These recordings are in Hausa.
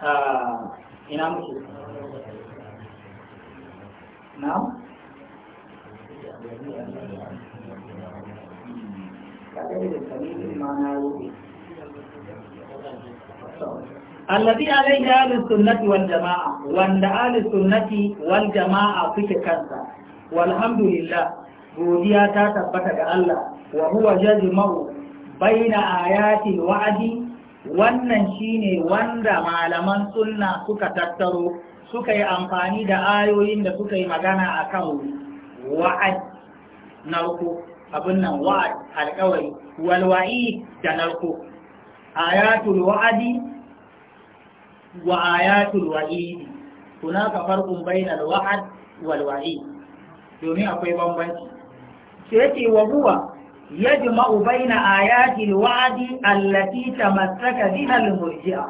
a ah, ina muku na Allazi alai da alin sunnati wal jama'a wanda alin sunnati wal jama'a suke kansa walhamdulillah godiya ta tabbata da Allah wa huwa baina a yakin ayatin wa'adi wannan shine wanda malaman sunna suka tattaro suka yi amfani da ayoyin da suka yi magana a kan wa'ad narko abin nan wa'ad alkawari walwa'i da narko ayatul wa'adi wa ayatul wa'idi ka farkon bainar wa'ad walwa'i. domin akwai bambanci sai ce wa huwa يجمع بين آيات الوعد التي تمسك بها المرجئة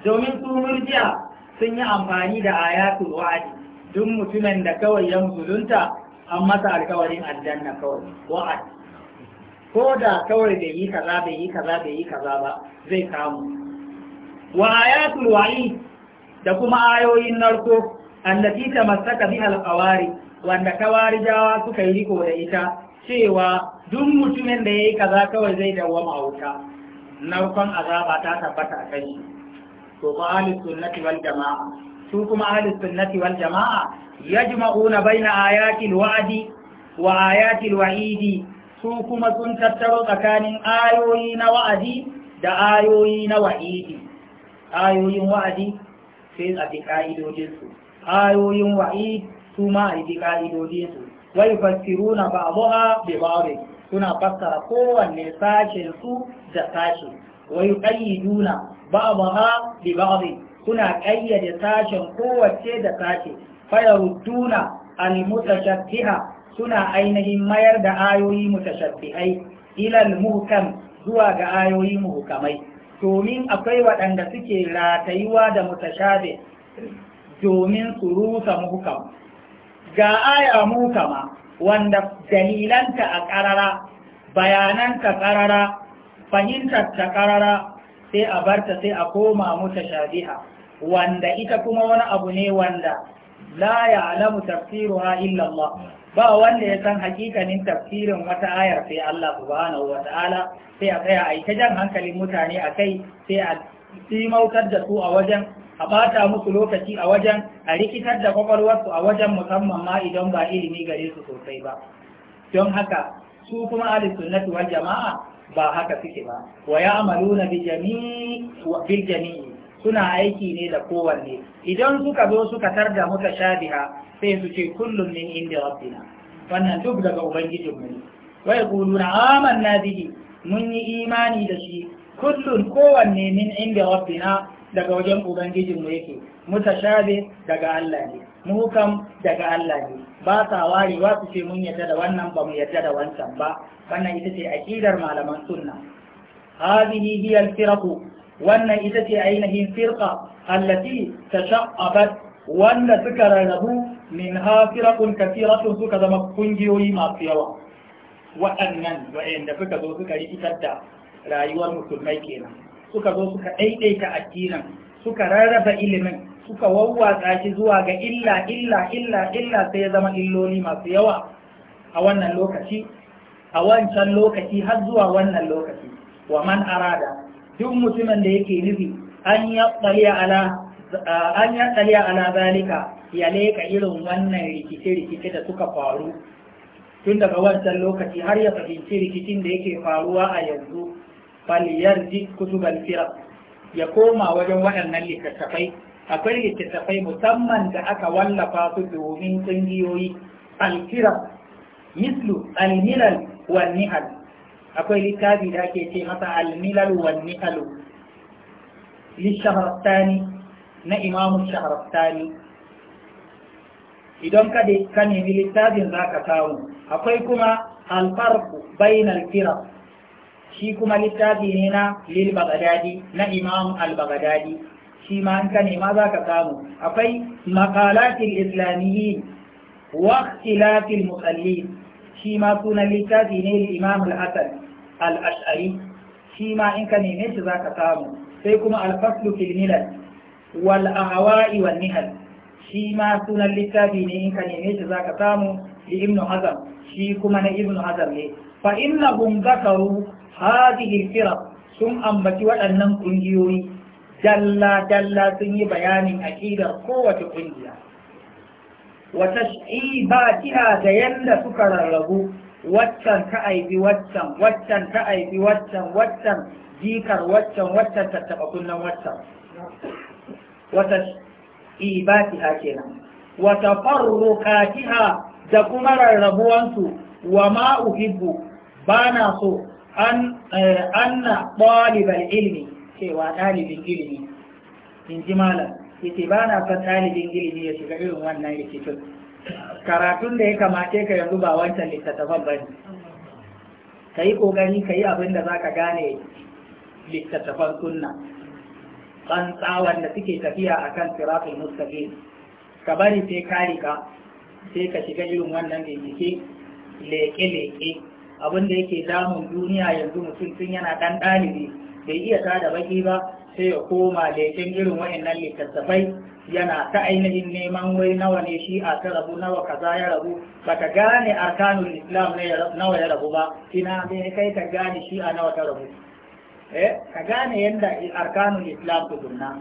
domin su murjiya sun yi amfani da ayatul wa'adi duk mutumin da kawai ya musulunta an masa alkawarin aljanna kawai wa'ad ko da kawai bai yi kaza bai yi kaza bai yi kaza ba zai kamu wa ayatul wa'i da kuma ayoyin narko allati tamassaka biha alqawari wanda kawarijawa suka yi riko da ita cewa duk mutumin da ya yi kaza kawai zai dawwama a wuta narkon azaba ta tabbata a kai shi to ba ahli sunnati wal jamaa su kuma ahli sunnati wal jamaa yajma'una baina ayatil wa'di wa ayatil wa'idi su kuma sun tattaro tsakanin ayoyi na wa'adi da ayoyi na wa'idi ayoyin wa'adi sai a bi ka'idodinsu ayoyin wa'idi, su ma a bi ka'idodinsu wai fasiruna ba'daha bi ba'd suna fassara kowanne sashen su da sashi. wai qayyiduna ba'daha bi ba'd suna ƙayyade sashen kowace da sashi fayarudduna al-mutashabbiha suna ainihin mayar da ayoyi mutashabbihai ilal muhkam zuwa ga ayoyi muhkamai domin akwai waɗanda suke ratayuwa da mutashabe domin su rusa muhkam ga aya mu kama wanda dalilanta a ƙarara bayananta ƙarara fahimtarta ƙarara sai a barta sai a koma mutu shabiha wanda ita kuma wani abu ne wanda la alamu tafsiruha illa ba wanda ya san hakikanin tafsirin wata ayar sai Allah subhanahu ta'ala, sai a tsaya a yi ta jan hankalin mutane a kai sai a tsimautar da su a wajen a ɓata musu lokaci a wajen a rikitar da kwakwalwarsu a wajen musamman ma idan ba ilimi gare su sosai ba don haka su kuma ahli sunnati wal jama'a ba haka suke ba wa ya'maluna bi jami'i bil jami'i suna aiki ne da kowanne idan suka zo suka tarda mutashabiha sai su ce kullum min inda rabbina wannan duk daga ubangijin mu ne? wa yaquluna amanna bihi mun yi imani da shi kullun kowanne min inda rabbina daga wajen ubangijinmu yake shabe daga Allah ne muhukam daga Allah ne ba sa warewa su ce mun yadda da wannan ba mu yadda da wancan ba wannan ita ce aqidar malaman sunna hadhihi hiya al-firaq wannan ita ce ainihin firqa allati tashaqqabat wanda suka rarrabu min ha firaqun kathiratun suka zama kungiyoyi masu yawa waɗannan waɗanda suka zo suka rikitar da rayuwar musulmai kenan suka zo suka ɗaiɗaita addinin suka rarraba ilimin suka wawwatsa shi zuwa ga illa illa illa illa sai ya zama illoli masu yawa a wannan lokaci a wancan lokaci har zuwa wannan lokaci wa man arada duk mutumin da yake nufi an ya a ala zalika ya leka irin wannan rikice-rikice da suka faru tun daga wancan lokaci har ya fahimci rikicin da yake faruwa a yanzu falyarji kutubal firaq ya koma wajen waɗannan littattafai akwai littattafai musamman da aka wallafa su domin ƙungiyoyi alfiraq mislu almilal wan nihal akwai littafi da ake ce masa almilal wan nihal lishahrastani na imamu shahrastani idan ka nemi littafin za ka samu akwai kuma alfarku bainal firaq shi kuma littafi ne na lil bagdadi na imam al bagdadi shi ma an ka nema za ka samu akwai maqalatil islamiyyin wa ikhtilafil musallin shi ma sunan littafi ne lil imam al hasan al ash'ari shi ma in ka neme shi za ka samu sai kuma al faslu fil milal wal ahwa'i wan nihal shi ma sunan littafi ne in ka neme shi za ka samu li ibnu hazm shi kuma na ibnu hazm ne fa innahum zakaru hadhihi firaq sun ambaci waɗannan ƙungiyoyi, dalla dalla sun yi bayanin aqidar kowace kungiya wa tash'ibatiha da yanda suka rarrabu waccan ta aibi waccan waccan ta aibi waccan waccan jikar waccan waccan tattaɓa waccan wata wata da kuma rarrabuwansu wa ma ba na so an eh, na ɗalibar ilimi cewa ɗalibin ilimi in ji malam yace ba na son ɗalibin ilimi ya shiga irin wannan rikicin karatun da ya kamace ka yanzu ba wancan littattafan ba ne ka yi ƙoƙari ka yi abin da za ka gane littattafan sunna tsawon da suke tafiya a kan sirafin mustaqim ka bari sai ka sai ka shiga irin wannan bincike leƙe-leƙe abin da yake damun duniya yanzu mutum tun yana ɗan ɗalibi bai iya tada baki ba sai ya koma leƙen irin wayannan littattafai yana ta ainihin neman wai nawa ne shi a ta rabu nawa kaza ya rabu baka gane arkanul islam nawa ya rabu ba ina ne kai ka gane shi a nawa ta rabu eh ka gane yadda arkanul islam tukunna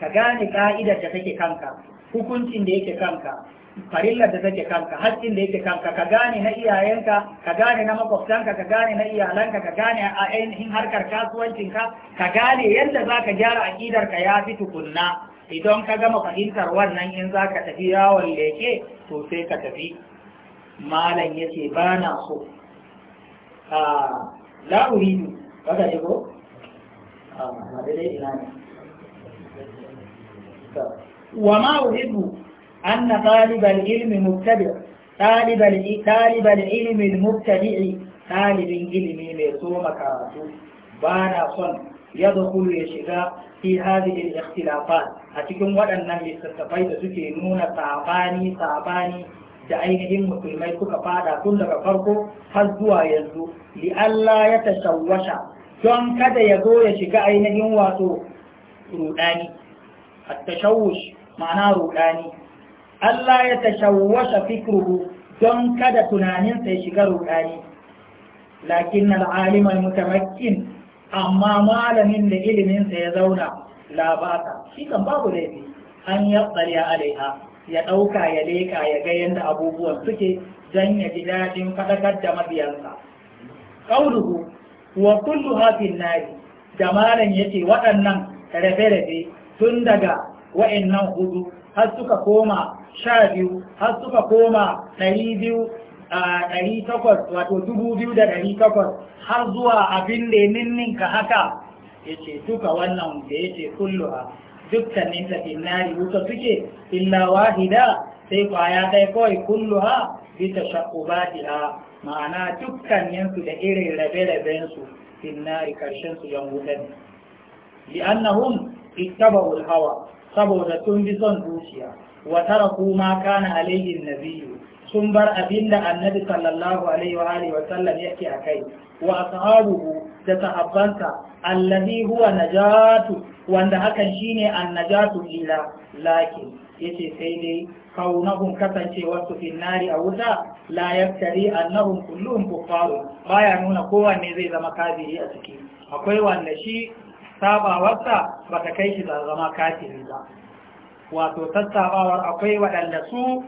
ka gane ka'idar da take kanka hukuncin da yake kanka farillar da take kanka haƙƙin da yake kanka ka gane na iyayenka ka gane na makwabtanka ka gane na iyalanka ka gane a ainihin harkar kasuwancinka ka gane yadda za ka gyara aƙidarka ya fi tukunna idan ka gama fahimtar wannan in za ka tafi yawon leke to sai ka tafi malam ya ce ba na so ah, la'uri ah, ne baka ce ko a wa ma أن طالب العلم مبتدع طالب طالب العلم المبتدئ طالب العلم يسوم كاتو بانا صن يدخل يشغى في هذه الاختلافات أتكم ودن نهي ستفايد سكينون صعباني صعباني دعين إمه في الميكو كفادا كل كفركو هزوا يزو لألا يتشوش جون كده يزو يشغى أين إمه واتو روداني التشوش معناه روداني Allah ya tashawwasha fikruhu don kada tunaninsa ya shiga rudani lakin al'alim al-mutamakkin amma malamin da iliminsa ya zauna labata shi kan babu laifi an ya tsariya alaiha ya ɗauka ya leka ya ga yadda abubuwan suke don ya ji daɗin faɗakar da mabiyansa ƙauluhu wa kullu hafin nari da malam ya ce waɗannan rafe-rafe tun daga wa'annan hudu har suka koma sha biyu har suka koma ɗari biyu ɗari takwas wato dubu biyu da ɗari takwas har zuwa abin da ya ninninka haka ya ce duka wannan da ya ce kulluha dukkanin ta wuta suke illa wahida sai kwaya ɗaya kawai kulluha bisa shaƙubatiha ma'ana dukkaninsu da irin rabe-rabensu finnari su yan wuta ne li'annahum ittaba'ul hawa saboda sun bi son zuciya wa taraku ma kana alaihi nabiyyu sun bar abinda annabi sallallahu alaihi wa alihi wa sallam yake akai wa ashabuhu da sahabbansa allazi huwa najatu wanda hakan shine annajatu ila lakin yace sai dai kaunahum kasancewar su finnari a wuta la yaftari annahum kulluhum baya nuna kowanne zai zama kafiri a ciki akwai wanda shi sabawarsa baka kai shi zama kafiri ba wato tattabawar akwai waɗanda su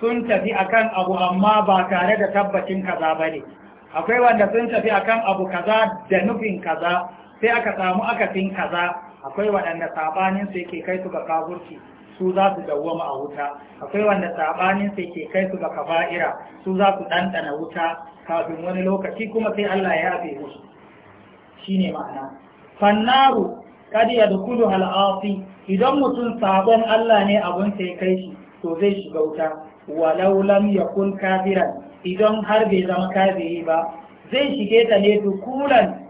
sun tafi akan abu amma ba tare da tabbacin kaza ba ne akwai wanda sun tafi akan abu kaza da nufin kaza sai aka samu akafin kaza akwai waɗanda saɓanin yake kai su ga kaburci su za su dawwama a wuta akwai wanda sabanin sai ke kai su ga kaba'ira su za su ɗanɗana wuta kafin wani lokaci kuma sai Allah ya yafe musu shine ma'ana fannaru kad ya kudu al'afi idan mutum sabon Allah ne abun sai kai shi to zai shiga wuta walau lam yakun kafiran idan har bai zama kafiri ba zai shige ta ne dukulan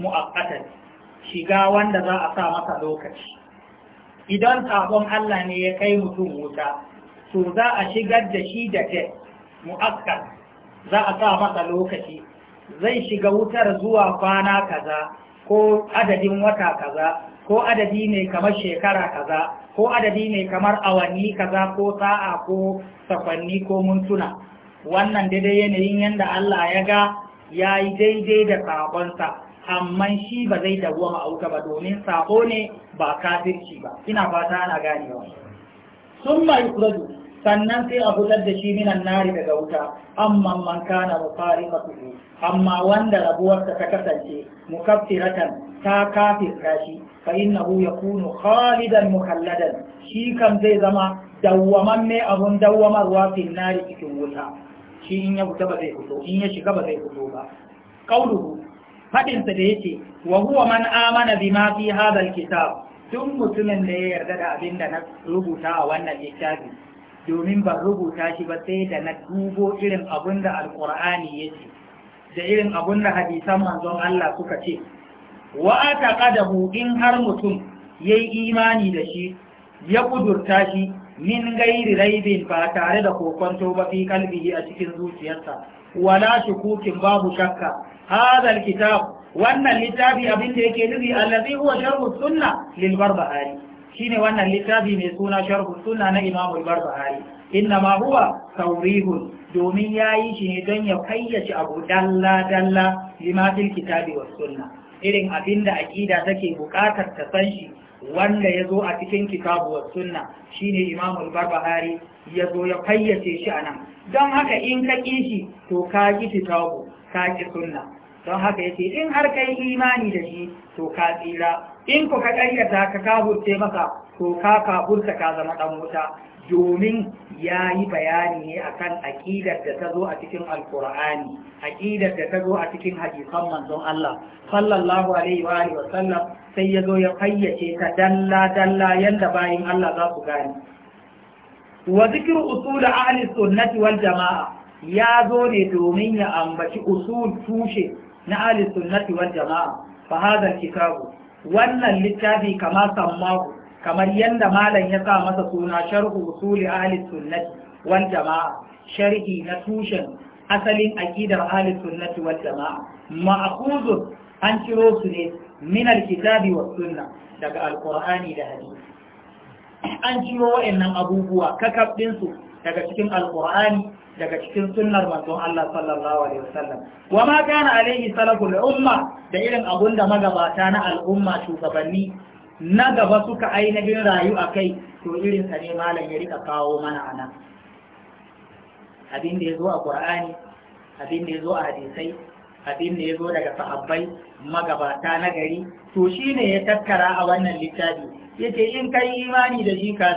mu'akkatan shiga wanda za a sa masa lokaci idan sabon Allah ne ya kai mutum wuta to za a shigar da shi da ke mu'akkat za a sa masa lokaci zai shiga wutar zuwa kwana kaza ko adadin wata kaza ko adadi ne kamar shekara kaza ko adadi ne kamar awanni kaza ko sa'a ko safanni ko mintuna wannan daidai yanayin yadda Allah ya ga ya yi daidai da sa, amma shi ba zai da a wuta ba domin sabo ne ba kafirci ba ina fata ana ganewa sun mai kuradu sannan sai a fitar da shi minan nari daga wuta amma man kana mufarifatuhu amma wanda rabuwarsa ta kasance mukaffiratan ta kafirta shi fa innahu yakunu khalidan mukalladan shi kan zai zama dawwamamme abun dawwamarwa fil nari cikin wuta shi in ya fita ba zai fito in ya shiga ba zai fito ba qauluhu fadin sa da yake wa huwa man amana bima fi hadha alkitab tun mutumin da ya yarda da abin da na rubuta a wannan littafi domin ban rubuta shi ba sai da na dubo irin abin da alkur'ani ya ce da irin abin da hadisan manzon Allah suka ce wa taqadahu in har mutum yayi imani da shi ya kudurta shi min gairi raibin ba tare da kokonto ba fi kalbihi a cikin zuciyarsa wala shukukin babu shakka hadha alkitab wannan littafi abin da yake nufi allazi huwa sharhu sunna lil barbahari shine wannan littafi mai suna sharhu sunna na Imam al-Barbahari inna ma huwa tawrihun domin yayi shi ne don ya kayyace abu dalla dalla lima fil kitabi was sunna irin abinda aqida take bukatar ta san shi wanda ya zo a cikin kitabu wa sunna shine Imam al-Barbahari ya zo ya fayyace shi anan don haka in ka shi to ka ki kitabu ka ki sunna don haka ya ce in har kai imani da shi to ka tsira in ku ka ƙaryata ka kabuce masa to ka kafurta ka zama ɗan wuta domin ya yi bayani ne akan aƙidar da ta zo a cikin Alƙur'ani, aƙidar da ta zo a cikin hadisan manzon Allah sallallahu alaihi wa alihi wa sallam sai ya zo ya fayyace ta dalla dalla yanda bayin Allah za su gane wa zikru usul ahli sunnati wal jamaa ya zo ne domin ya ambaci usul tushe na ahli sunnati wal jama'a fa hadha kitabu wannan littafi kama sammahu kamar yanda malam ya sa masa suna sharhu usuli ahli sunnati wal jama'a sharhi na tushen asalin aqidar ahli sunnati wal jama'a ma'khuzun an ciro su ne min alkitabi was sunna daga alqur'ani da hadisi an ciro wa'annan abubuwa kakab din su daga cikin alqur'ani daga cikin sunnar manzon Allah sallallahu alaihi wasallam wa ma kana alaihi salaful umma da irin abun da magabata na al'umma shugabanni na gaba suka ainihin rayu a kai to irin sa ne malam ya rika kawo mana ana abin da ya zo a qur'ani abin da ya zo a hadisai abin da ya zo daga sahabbai magabata na gari to shine ya tattara a wannan littafi yake in kai imani da shi ka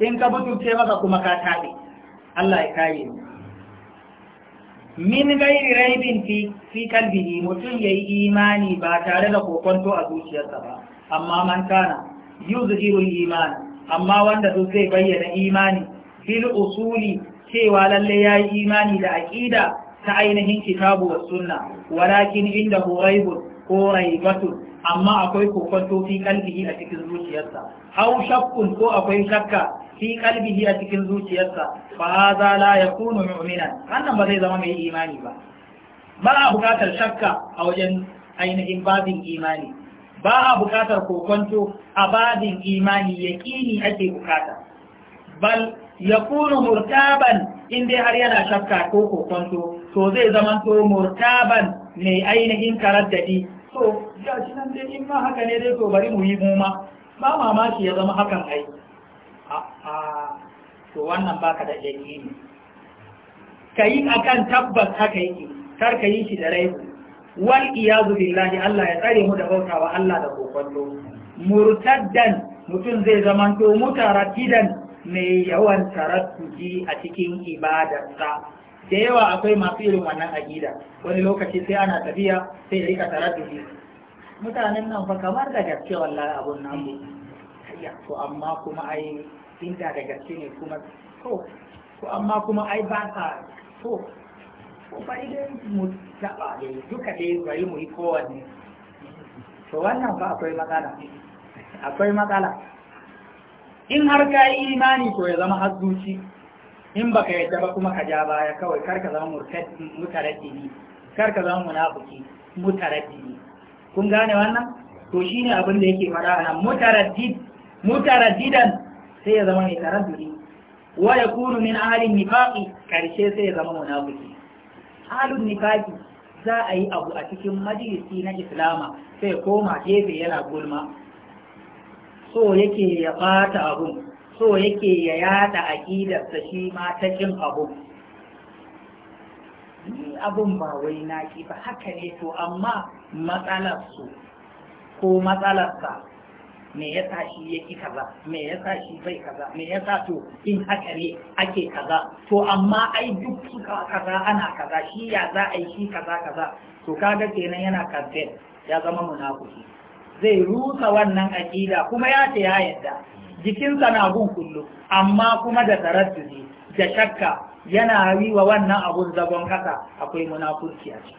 in ka mutunce maka kuma ka taɓe Allah ya kare mu min gairi raibin fi fi kalbihi mutum yayi imani ba tare da kokonto a zuciyarsa ba amma man kana yuzhiru iman amma wanda duk zai bayyana imani fil usuli cewa lalle yayi imani da aqida ta ainihin kitabu wa sunna walakin inda raibun ko raibatun amma akwai kokonto fi kalbihi a cikin zuciyarsa aw shakkun ko akwai shakka fi kalbihi a cikin zuciyarsa fa hadha la yakunu mu'minan wannan ba zai zama mai imani ba ba a bukatar shakka a wajen ainihin babin imani ba a bukatar kokonto a babin imani yaqini ake bukata bal yakunu murtaban in dai har yana shakka ko kokonto to zai zama to murtaban mai ainihin karaddadi so ga shi nan dai in ma haka ne dai to bari mu yi mu ba mamaki ya zama hakan ai a to wannan baka da yakini kai akan tabbas haka yake kar ka yi shi da rai wal iyazu billahi Allah ya tsare mu da bautawa Allah da kokwallo murtaddan mutum zai zama to mutarakidan mai yawan taraddudi a cikin ibadarsa da yawa akwai masu irin wannan akida wani lokaci sai ana tafiya sai rika taraddudi mutanen nan fa kamar da gaske wallahi abun nan ne to amma kuma ai inda da gaske ne kuma to ko amma kuma ai ba ka to ko fa idan mu taba ne duka dai bari mu yi kowanne to wannan fa akwai matsala akwai matsala in har ka yi imani to ya zama hazzuci in baka yadda ba kuma ka ja baya kawai kar ka zama mutaraddi ne kar ka zama munafiki mutaraddi ne kun gane wannan to shine abin da yake fara nan mutaraddid mutaraddidan sai ya zama mai taraddudi wa yakunu min ahli nifaqi karshe sai ya zama munafiki ahlun nifaqi za a yi abu a cikin majalisi na islama sai koma gefe yana gulma so yake ya fata abun so yake ya yada sa shi ma ta cin abun abun ba wai naki ba haka ne to amma matsalar ko matsalar me ya shi ya ki kaza me ya shi bai kaza me ya to in haka ne ake kaza to amma ai duk suka kaza ana kaza shi ya za a yi shi kaza kaza to kaga kenan yana campaign ya zama munafiki zai rusa wannan aƙida kuma ya ce ya yadda jikinsa na gun kullu amma kuma da taraddudi da shakka yana yi wa wannan abun zagon kasa akwai munafurci a ciki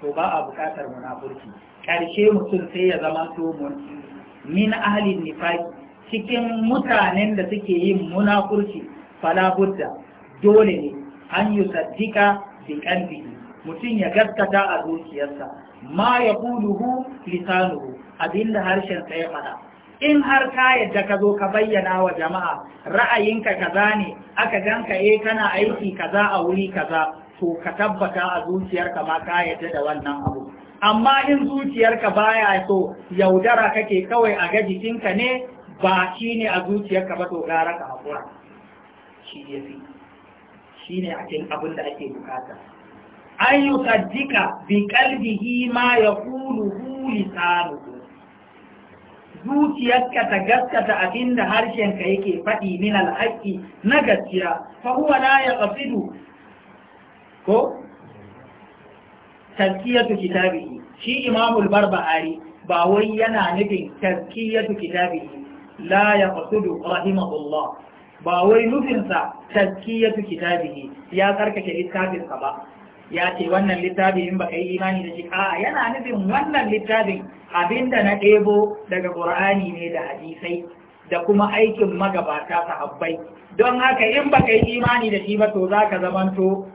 to ba a buƙatar munafurci ƙarshe mutum sai ya zama to min ahlin Nifai, cikin mutanen da suke yin munafurci fala budda dole ne an yi saddika bi qalbihi mutum ya gaskata a zuciyarsa ma ya kuluhu lisanuhu abinda harshen sa ya faɗa in har ka yadda ka zo ka bayyana wa jama'a ra'ayinka kaza ne aka ganka eh kana aiki kaza a wuri kaza to ka tabbata a zuciyarka ma ka yadda da wannan abu amma in zuciyarka baya so yaudara kake kawai a ga jikinka ne ba shi ne a zuciyarka ba to gara ka haƙura shi ne fi shi ne a cikin abin da ake bukata an yi bi kalbihi ma ya kulu lisanu zuciyarka ta gaskata abin da harshenka yake faɗi min alhaƙi na gaskiya fa huwa la yaqsidu ko Tarkiyatu kitabi, shi imamul barbahari ba wai yana nufin tarkiyatu kitabi la yaqsidu rahimahullah ba wai nufinsa tarkiyatu kitabi ya karkace littafinsa ba ya ce wannan littafi in ba ka yi imani da shi a yana nufin wannan littafin abinda na ɗebo daga ƙur'ani ne da hadisai da kuma aikin magabata sahabbai don haka in ba ka yi imani da shi ba to za ka zamanto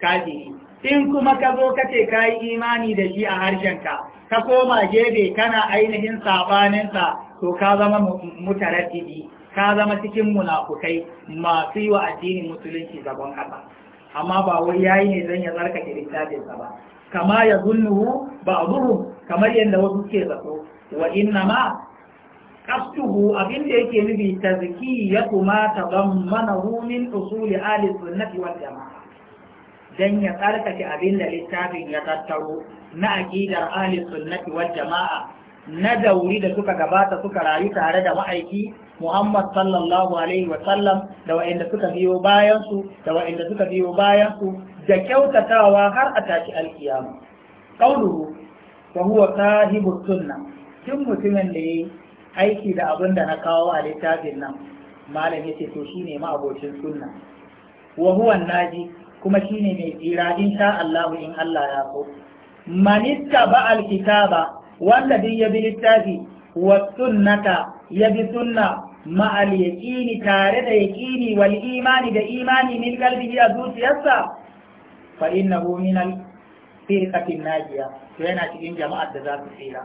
kaji in kuma ka zo ka ce ka yi imani da shi a harshen ka ka koma gebe kana ainihin saɓaninsa to ka zama mutaraddidi ka zama cikin munafukai masu yi wa addinin musulunci zagon ƙasa amma ba wai yayi ne zan ya tsarkake littafinsa ba kama ya zunnu ba ruhu kamar yadda wasu ke zato wa inna ma qasduhu abin da yake nufi ta ban mana hunin usuli ahli sunnati wal jamaa dan ya tsarkake abin da littafin ya tattaro na aqidar ahli sunnati wal jamaa na dauri da suka gabata suka rayu tare da ma'aiki Muhammad sallallahu alaihi wa sallam da wa'inda suka biyo bayan su da wa'inda suka biyo bayan su da kyautatawa har a tashi alkiyama qauluhu wa huwa sahibu sunna mutumin da yayi aiki da abin da na kawo a littafin nan malam yace to shine ma abocin sunna wa huwa naji kuma shine mai tsira insha Allah in Allah ya so Manitta ba alkitaba wanda duk ya bi littafi wa sunnata ya bi sunna ma'al yaqini tare da yaqini wal imani da imani min qalbihi a zuciyarsa fa innahu min al firqatin najiya to yana cikin jama'ar da za su tsira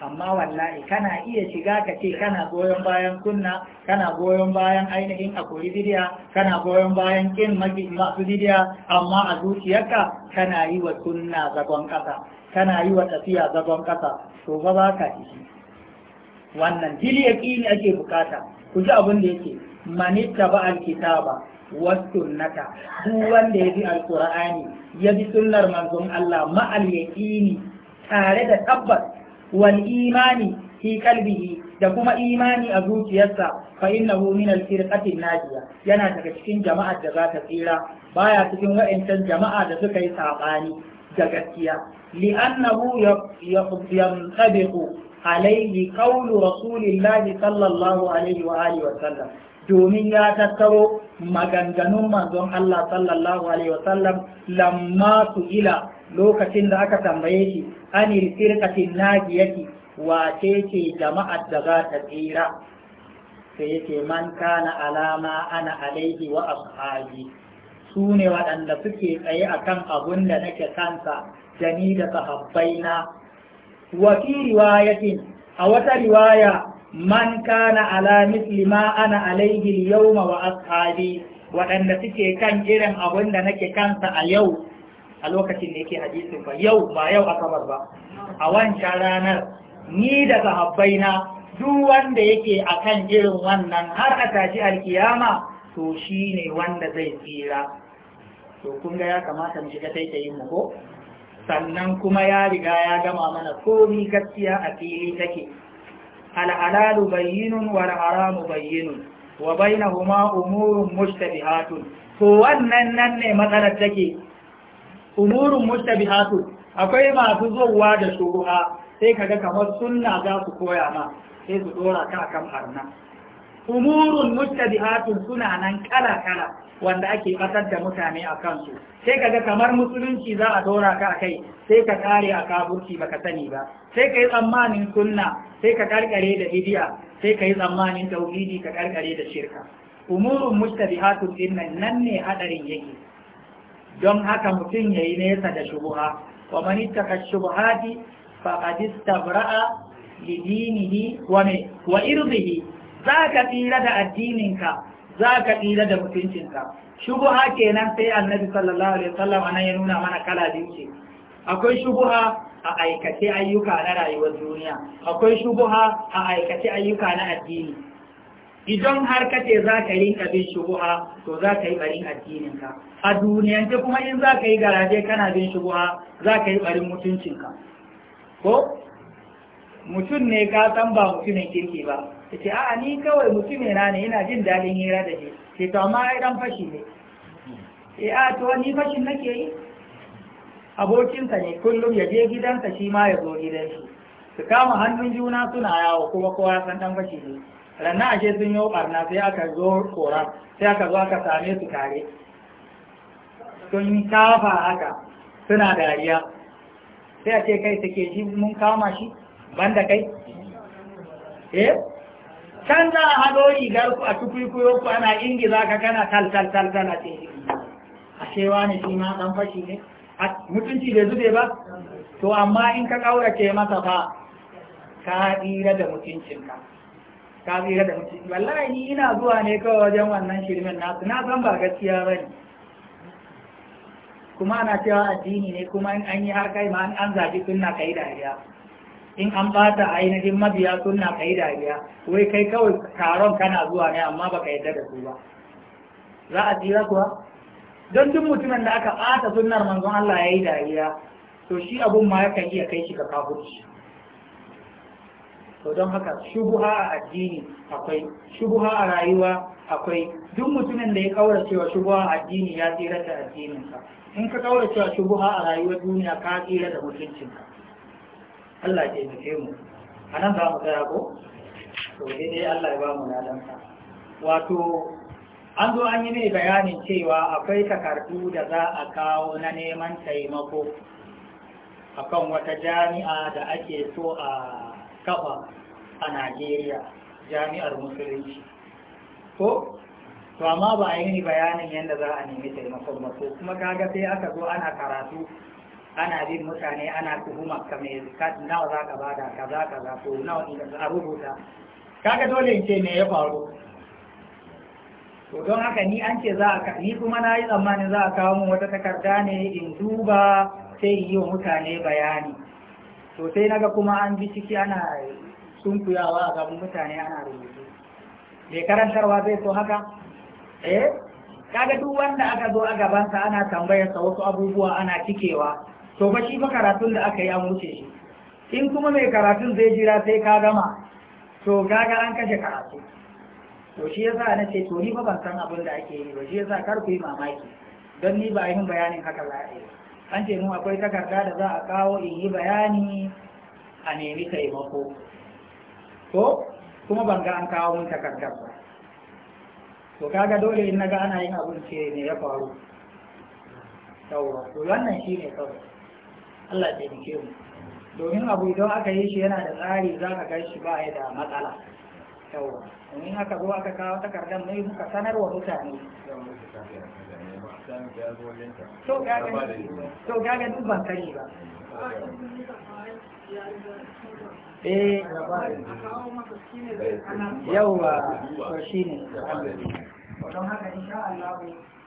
amma wallahi kana iya shiga ka ce kana goyon bayan sunna kana goyon bayan ainihin akuri bidiya kana goyon bayan kin masu bidiya amma a zuciyarka kana yi wa sunna zagon kasa kana yi wa tafiya zagon ƙasa to ba ba ka ciki wannan jili yaƙini ake bukata ku ji abin da yake manitta ba alkitaba wasunnata duk wanda ya bi alqur'ani ya bi sunnar manzon Allah ma tare da tabbas wal imani fi kalbihi da kuma imani a zuciyarsa fa innahu min al najiya yana daga cikin jama'ar da za ta tsira baya cikin wa'ancan jama'a da suka yi sabani da gaskiya لأنه ينطبق عليه قول رسول الله صلى الله عليه وآله وسلم domin ya tattaro maganganun manzon Allah sallallahu alaihi wasallam lamma su ila lokacin da aka tambaye shi anil firqatin najiyati wace ce jama'ar da za ta tsira sai yake man kana alama ana alaihi wa ashabi su waɗanda suke tsaye akan abun da nake kansa da ni da sahabbaina wa fi riwayatin a wata riwaya man kana ala misli ma ana alaihi yawma wa ashabi waɗanda suke kan irin abin da nake kansa a yau a lokacin da yake hadisin ba yau ba yau asabar ba a wancan ranar ni da sahabbaina duk wanda yake kan irin wannan har a tashi alkiyama to shi ne wanda zai tsira to kun ga ya kamata mu shiga taitayin mu ko sannan kuma ya riga ya gama mana komi gaskiya a fili take al'alalu bayyinun wal haramu bayyinun wa bainahuma umurun mushtabihatun to wannan nan ne matsalar take umurun mushtabihatun akwai masu zuwa da shuruha sai kaga kamar sunna za su koya ma sai su dora ka kan arna umurun Hatun suna nan kala-kala wanda ake fatar da mutane a kansu sai kaga kamar musulunci za a dora ka a kai sai ka kare a kaburki baka sani ba sai ka yi tsammanin sunna sai ka karkare da bidiya sai ka yi tsammanin tauhidi ka karkare da shirka umurun Hatun din nan ne hadarin yake don haka mutum ya yi nesa da shubuha wa man ittaka shubuhati fa istabra'a li lidinihi wa za ka tsira da addininka za ka tsira da mutuncinka shubuha kenan sai annabi sallallahu alaihi wasallam nan ya nuna mana kala biyu ce akwai shubuha a aikace ayyuka na rayuwar duniya akwai shubuha a aikace ayyuka na addini idan har kace za ka yi bin shubuha to za ka yi barin addininka a duniyance kuma in za ka yi garaje kana bin shubuha za ka yi barin mutuncinka ko mutum ne ka san ba mutumin kirki ba ta ce a'a ni kawai mutum yana ne yana jin daɗin hira da shi ce to amma ai dan fashi ne ce a to ni fashin nake yi abokinsa ne kullum ya je gidansa shi ma ya zo gidan shi su kama hannun juna suna yawo kuma kowa san dan fashi ne rannan ashe sun yi barna sai aka zo kora sai aka zo aka same su tare sun kafa haka suna dariya sai a ce kai take shi mun kama shi banda kai eh can za a haɗo rigar ku a tukwikwiyo ku ana za ka kana tal tal tal kana ce a cewa ne shi ma ɗan fashi ne mutunci bai zube ba to amma in ka ƙaurace masa fa ka tsira da mutuncinka ka tsira da mutunci wallahi ni ina zuwa ne kawai wajen wannan shirmin nasu na san ba gaskiya ba ne kuma ana cewa addini ne kuma in an yi har kai ma an zaɓi sunna ka yi dariya in an bata ainihin mabiya na kai dariya wai kai kawai taron kana zuwa ne amma baka yadda da su ba za a tsira kuwa don duk mutumin da aka ɓata sunnar manzon Allah ya yi dariya to shi abun ma yakan iya kai shi ga kafirci to don haka shubuha a addini akwai shubuha a rayuwa akwai duk mutumin da ya kawar cewa shubuha a addini ya tsira da addininsa in ka kawar cewa shubuha a rayuwar duniya ka tsira da mutuncinka Allah ke nufe mu a nan za mu tsaya ko to dai Allah ya ba mu wato an zo an yi mai bayanin cewa akwai takardu da za a kawo na neman taimako akan wata jami'a da ake so a kafa a Najeriya jami'ar musulunci ko to amma ba a yi bayanin yadda za a nemi taimakon ba ko kuma kaga sai aka zo ana karatu ana bin mutane ana tuhuma ka mai nawa za ka bada kaza kaza to nawa a rubuta kaga dole in ce me ya faru to don haka ni an ce za a ni kuma na yi tsammanin za a kawo mun wata takarda ne in duba sai yi wa mutane bayani to sai naga kuma an bi ciki ana sunkuyawa a gaban mutane ana rubutu mai karantarwa zai so haka eh kaga duk wanda aka zo a gabansa ana tambayarsa wasu abubuwa ana cikewa to ba shi fa karatun da aka yi an wuce shi in kuma mai karatun zai jira sai ka gama to gaga an kashe karatu to shi yasa na ce to ni fa ban san abin da ake yi ba shi yasa kar ku yi mamaki don ni ba yin bayanin haka za a yi an ce mu akwai takarda da za a kawo in yi bayani a nemi taimako to kuma ban ga an kawo mun takardar ba to kaga dole in naga ana yin abin ce ne ya faru yawwa to wannan shi ne kawai Allah ya mu domin abu idan aka yi shi yana da tsari za ka ga shi ba ya da matsala yawa domin aka zo aka kawo takardar mai muka sanarwa mutane to ga duk ban kare ba eh yawa shi ne, don haka insha Allah